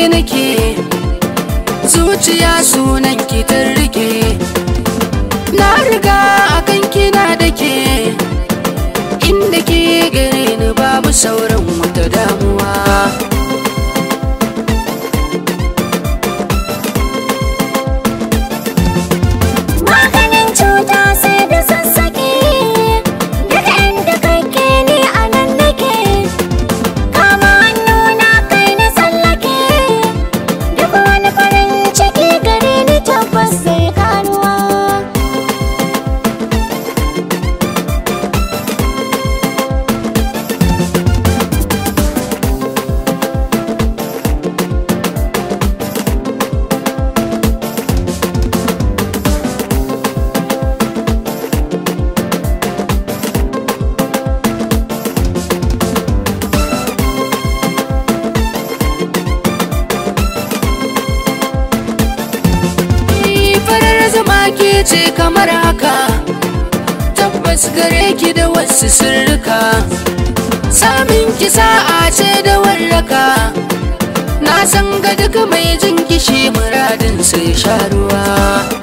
ki nake zuciya sunan ki rike na riga akan kina da ke inda ke gare ni babu sauran zama ke ce kamar haka tabbas gare ki da wasu sirrika samun kisa a ce da warraka na san ga duka mai jin kishi muradin sai sha ruwa